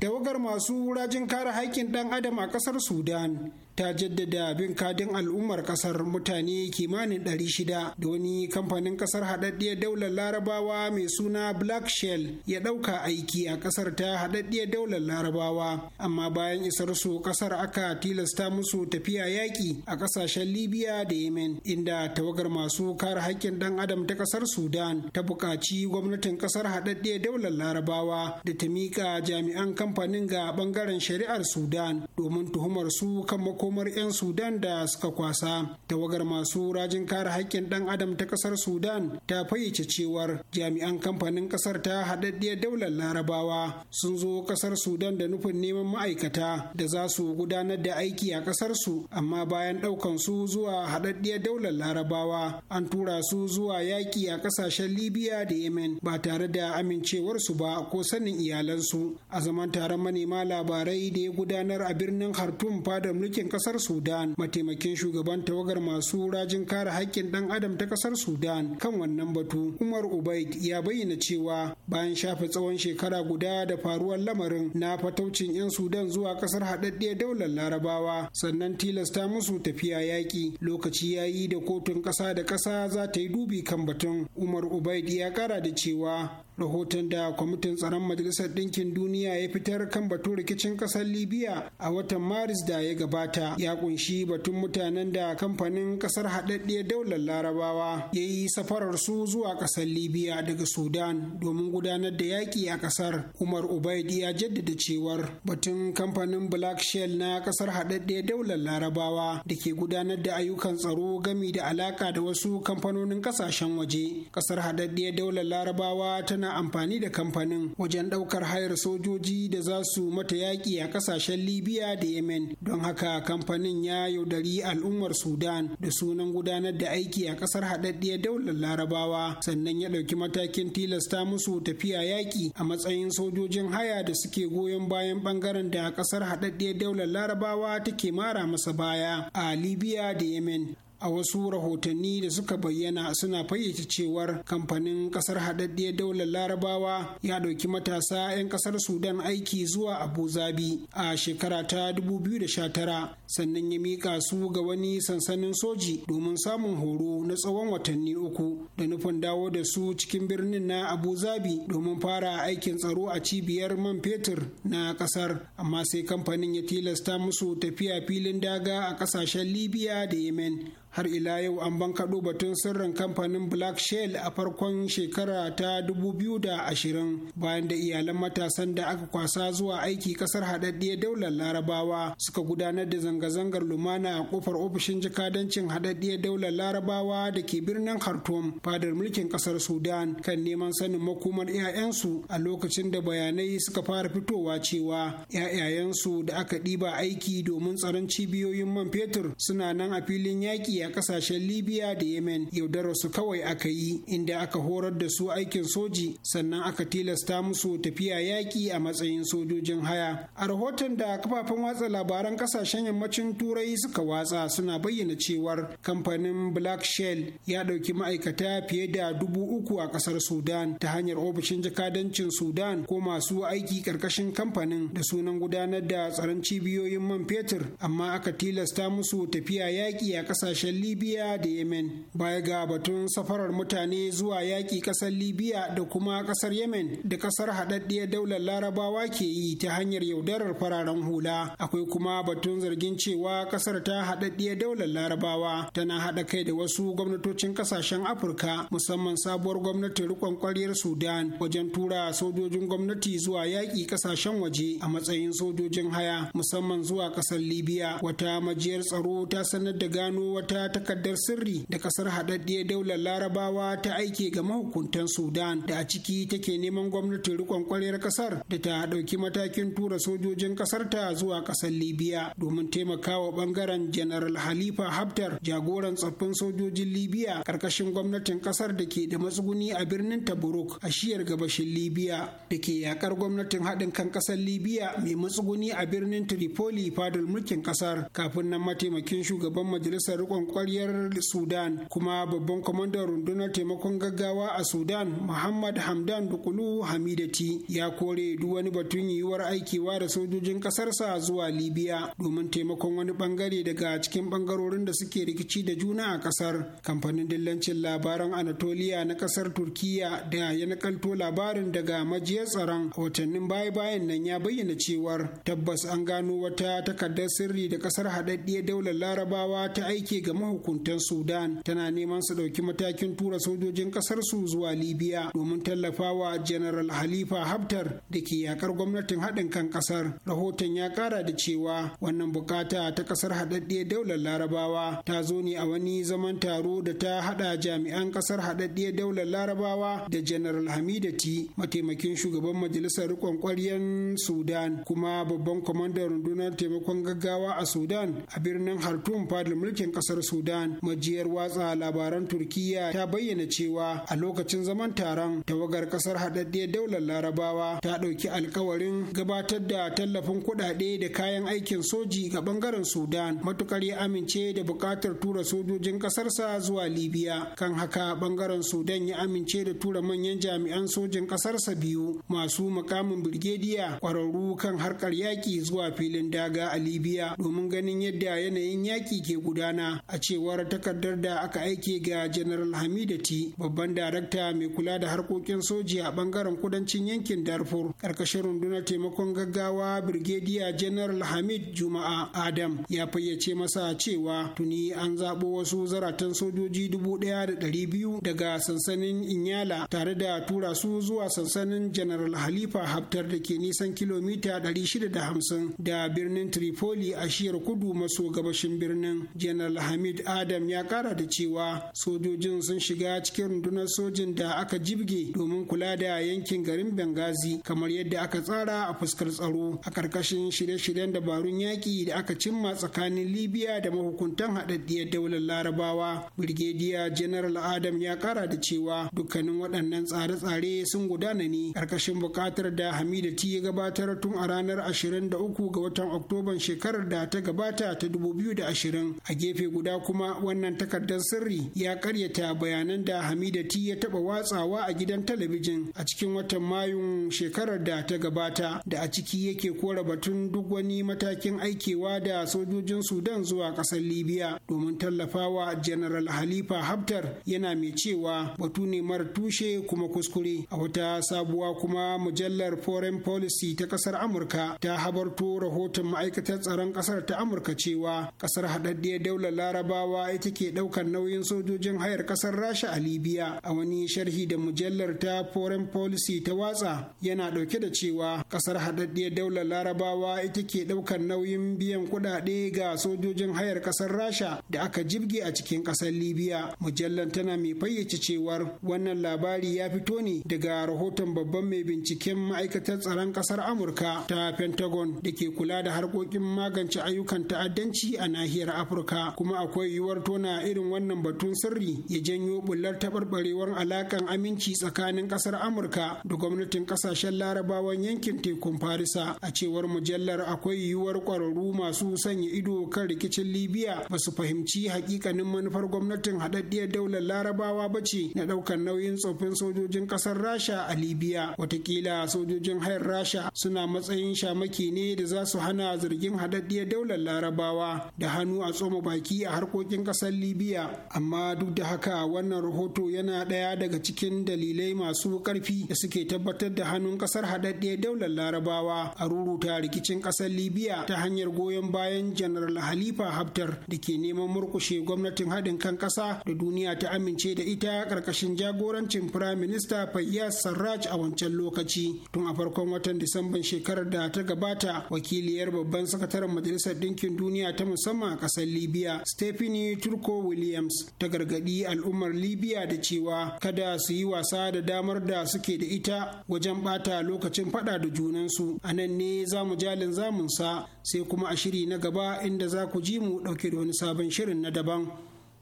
tawagar masu rajin kare haƙƙin ɗan adam a ƙasar sudan ta jaddada bin kadin al'ummar kasar mutane kimanin 600 da wani kamfanin kasar haɗaɗɗiyar daular larabawa mai suna black shell ya ɗauka aiki a kasar ta haɗaɗɗiyar daular larabawa amma bayan isar su kasar aka tilasta musu tafiya yaƙi a ƙasashen libya da yemen inda tawagar masu kare haƙƙin ɗan adam ta ƙasar sudan ta buƙaci gwamnatin kasar haɗaɗɗiyar daular larabawa da ta miƙa jami'an kamfanin ga ɓangaren shari'ar sudan domin tuhumar su kan makomar 'yan sudan da suka kwasa tawagar masu rajin kare haƙƙin ɗan adam ta ƙasar sudan ta fayyace cewar jami'an kamfanin ƙasar ta haɗaɗɗiyar daular larabawa sun zo ƙasar sudan da nufin neman ma'aikata da za su gudanar da aiki a ƙasar su amma bayan ɗaukan su zuwa haɗaɗɗiyar daular larabawa an tura su zuwa yaƙi a ƙasashen libya da yemen ba tare da amincewar su ba ko sanin iyalansu a zaman taron manema labarai da ya gudanar a birnin khartoum fadar mulkin kasar sudan mataimakin shugaban tawagar masu rajin kare haƙƙin ɗan adam ta kasar sudan kan wannan batu umar ubaid ya bayyana cewa bayan shafe tsawon shekara guda da faruwar lamarin na fataucin 'yan sudan zuwa kasar haɗaɗɗiyar daular larabawa sannan tilasta musu tafiya yaƙi lokaci ya yi da kotun ƙasa da ƙasa za ta yi dubi kan batun umar ubaid ya ƙara da cewa rahoton da kwamitin tsaron majalisar ɗinkin duniya ya fitar kan batun rikicin ƙasar libya a watan maris da ya gabata ya kunshi batun mutanen da kamfanin ƙasar haɗaɗɗiyar daular larabawa ya yi safarar su zuwa ƙasar libya daga sudan domin gudanar da yaƙi a ƙasar umar ubaid ya jaddada cewar batun kamfanin black shell na ƙasar haɗaɗɗiyar daular larabawa da ke gudanar da ayyukan tsaro gami da alaƙa da wasu kamfanonin ƙasashen waje ƙasar haɗaɗɗiyar daular larabawa tana ana amfani da kamfanin wajen ɗaukar hayar sojoji da za su mata yaƙi a ƙasashen Libya da Yemen. Don haka kamfanin ya yaudari al'ummar Sudan da sunan gudanar da aiki a ƙasar haɗaɗɗiyar daular Larabawa sannan ya ɗauki matakin tilasta musu tafiya yaƙi a matsayin sojojin haya da suke goyon bayan ɓangaren da ƙasar haɗaɗɗiyar daular Larabawa take mara masa baya a Libya da Yemen. a wasu rahotanni da suka bayyana suna fayyace cewar kamfanin kasar haɗaɗɗiyar daular larabawa ya ɗauki matasa 'yan kasar sudan aiki zuwa abu zabi a shekara ta 2019 sannan ya mika su ga wani sansanin soji domin samun horo na tsawon watanni uku da nufin dawo da su cikin birnin na abu zabi domin fara aikin tsaro a cibiyar man fetur na kasar amma sai kamfanin ya tilasta musu tafiya filin daga a kasashen libya da yemen har ila yau an bankaɗo batun sirrin kamfanin black shell a farkon shekara ta 2020 bayan da iyalan matasan da aka kwasa zuwa aiki kasar haɗaɗɗiyar daular larabawa suka gudanar da zanga zanga-zangar lumana a kofar ofishin jikadancin haɗaɗɗiyar daular larabawa da ke birnin khartoum fadar mulkin ƙasar sudan kan neman sanin makomar 'ya'yansu a lokacin da bayanai suka fara fitowa cewa 'ya'yayensu da aka ɗiba aiki domin tsaron cibiyoyin man fetur suna nan a filin yaƙi a ƙasashen libya da yemen su kawai aka yi inda aka horar da su aikin soji sannan aka tilasta musu tafiya yaƙi a matsayin sojojin haya a rahoton da kafafen watsa labaran ƙasashen yamma yammacin turai suka watsa suna bayyana cewar kamfanin black shell ya ɗauki ma'aikata fiye da dubu uku a ƙasar sudan ta hanyar ofishin jakadancin sudan ko masu aiki ƙarƙashin kamfanin da sunan gudanar da tsaron cibiyoyin man fetur amma aka tilasta musu tafiya yaƙi a ƙasashen libya da yemen baya ga batun safarar mutane zuwa yaƙi ƙasar libya da kuma ƙasar yemen da ƙasar haɗaɗɗiyar daular larabawa ke yi ta hanyar yaudarar fararen hula akwai kuma batun zargin cewa kasar ta haɗaɗɗiya daular larabawa tana haɗa kai da wasu gwamnatocin kasashen afirka musamman sabuwar gwamnatin riƙon ƙwaryar sudan wajen tura sojojin gwamnati zuwa yaƙi kasashen waje a matsayin sojojin haya musamman zuwa ƙasar libya wata majiyar tsaro ta sanar da gano wata takardar sirri da kasar haɗaɗɗiya daular larabawa ta aike ga mahukuntan sudan da a ciki take neman gwamnatin riƙon ƙwaryar kasar da ta ɗauki matakin tura sojojin kasar ta zuwa ƙasar libya domin taimakawa bangaren General Halifa Haftar jagoran tsoffin sojojin Libya karkashin gwamnatin kasar da ke da matsuguni a birnin Tabaruk a shiyar gabashin Libya da ke yakar gwamnatin haɗin kan kasar Libya mai matsuguni a birnin Tripoli fadar mulkin kasar kafin nan mataimakin shugaban majalisar riƙon ƙwaryar Sudan kuma babban kwamandan rundunar taimakon gaggawa a Sudan Muhammad Hamdan Dukulu Hamidati ya kore duk wani batun yiwuwar aikewa da sojojin kasarsa zuwa Libya domin taimakon taimakon wani bangare daga cikin bangarorin da suke rikici da juna a kasar kamfanin dillancin labaran anatolia na kasar turkiya da ya nakalto labarin daga majiyar tsaron watannin baya-bayan nan ya bayyana cewar tabbas an gano wata takardar sirri da kasar haɗaɗɗiyar daular larabawa ta aike ga mahukuntan sudan tana neman su ɗauki matakin tura sojojin kasar su zuwa libya domin tallafawa general halifa haftar da ke yakar gwamnatin haɗin kan kasar rahoton ya ƙara da cewa wannan buƙatar mata ta kasar haɗaɗɗe daular larabawa ta zo ne a wani zaman taro da ta haɗa jami'an kasar haɗaɗɗe daular larabawa da general hamidati mataimakin shugaban majalisar riƙon ƙwaryen sudan kuma babban kwamandan rundunar taimakon gaggawa a sudan a birnin hartum fadar mulkin kasar sudan majiyar watsa labaran turkiya ta bayyana cewa a lokacin zaman taron tawagar kasar haɗaɗɗe daular larabawa ta ɗauki alkawarin gabatar da tallafin kuɗaɗe da kayan aikin soji ga bangaren sudan matukar ya amince da buƙatar tura sojojin ƙasarsa zuwa libya kan haka bangaren sudan ya amince da tura manyan jami'an sojin ƙasarsa biyu masu makamin birgediya ƙwararru kan harkar yaƙi zuwa filin daga a libya domin ganin yadda yanayin yaƙi ke gudana a cewar takardar da aka aike ga general hamidati babban darakta mai kula da harkokin soji a bangaren kudancin yankin darfur ƙarƙashin rundunar taimakon gaggawa birgediya general hamid juma'a a adam ya fayyace masa cewa tuni an zaɓo wasu zaratan sojoji dubu ɗaya da ɗari biyu daga sansanin inyala tare da tura su zuwa sansanin general halifa haftar da ke nisan kilomita ɗari shida da hamsin da birnin tripoli a shiyar kudu maso gabashin birnin general hamid adam ya ƙara da cewa sojojin sun shiga cikin rundunar sojin da aka jibge domin kula da yankin garin bengazi kamar yadda aka tsara a fuskar tsaro a ƙarƙashin shirye-shiryen dabarun yaƙi da aka aka cimma tsakanin libya da mahukuntan haɗaɗɗiyar daular larabawa birgediya general adam ya kara da cewa dukkanin waɗannan tsare-tsare sun gudana ne ƙarƙashin buƙatar da hamida ti ya gabatar tun a ranar 23 ga watan oktoban shekarar da ta gabata ta 2020 a gefe guda kuma wannan takardar sirri ya karyata bayanan da hamida ti ya taba watsawa a gidan talabijin a cikin watan mayun shekarar da ta gabata da a ciki yake kora batun duk wani matakin aikewa da sojojin Sudan zuwa ƙasar Libya domin tallafawa General Halifa Haftar yana mai cewa batu ne mara tushe kuma kuskure. A wata sabuwa kuma mujallar Foreign Policy ta ƙasar Amurka ta habarto rahoton ma'aikatar tsaron ƙasar ta Amurka cewa ƙasar haɗaɗɗiyar daular Larabawa ita ke ɗaukar nauyin sojojin hayar ƙasar Rasha a Libya a wani sharhi da mujallar ta Foreign Policy ta watsa yana ɗauke da cewa ƙasar haɗaɗɗiyar daular Larabawa ita ke ɗaukar nauyin biyan kudade ga sojojin hayar kasar rasha da aka jibge a cikin kasar libya mujallar tana mai fayyace cewar wannan labari ya fito ne daga rahoton babban mai binciken ma'aikatar tsaron kasar amurka ta pentagon da ke kula da harkokin magance ayyukan ta'addanci a nahiyar afirka kuma akwai yiwuwar tona irin wannan batun sirri ya janyo bullar taɓarɓarewar alaƙan aminci tsakanin kasar amurka da gwamnatin ƙasashen larabawan yankin tekun farisa a cewar mujallar akwai yiwuwar ƙwararru masu masu sanya ido kan rikicin libya ba su fahimci hakikanin manufar gwamnatin haɗaɗɗiyar daular larabawa ba ce na ɗaukar nauyin tsofin sojojin ƙasar rasha a libya watakila sojojin hayar rasha suna matsayin shamaki ne da za su hana zargin haɗaɗɗiyar daular larabawa da hannu a tsoma baki a harkokin ƙasar libya amma duk da haka wannan rahoto yana ɗaya daga cikin dalilai masu ƙarfi da suke tabbatar da hannun ƙasar haɗaɗɗiyar daular larabawa a ruruta rikicin ƙasar libya ta hanyar goyon goyon bayan janaral halifa haftar da ke neman murkushe gwamnatin haɗin kan ƙasa da duniya ta amince da ita ƙarƙashin jagorancin firayim minista fayyaz sarraj a wancan lokaci tun a farkon watan disamban shekarar da ta gabata wakiliyar babban sakataren majalisar ɗinkin duniya ta musamman a ƙasar libya stephanie turko williams ta gargaɗi al'ummar libya da cewa kada su yi wasa da damar da suke da ita wajen ɓata lokacin faɗa da junansu a nan ne za mu jalin zamunsa sai kuma a shiri na gaba inda za ku ji mu ɗauke da wani sabon shirin na daban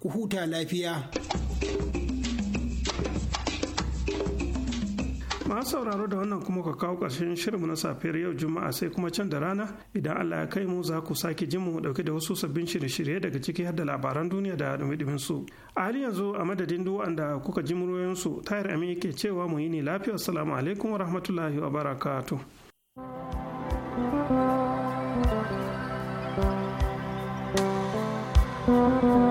ku huta lafiya. masu sauraro da wannan kuma ka kawo ƙarshen shirinmu na safiyar yau juma'a sai kuma can da rana idan allah ya kai mu za ku sake jin mu dauke da wasu sabbin shirye-shirye daga ciki har da labaran duniya da dumi su a hali yanzu a madadin duk wanda kuka ji muryoyin su tayar amin yake cewa mu yi ne lafiya assalamu alaikum wa rahmatullahi wa barakatuh thank you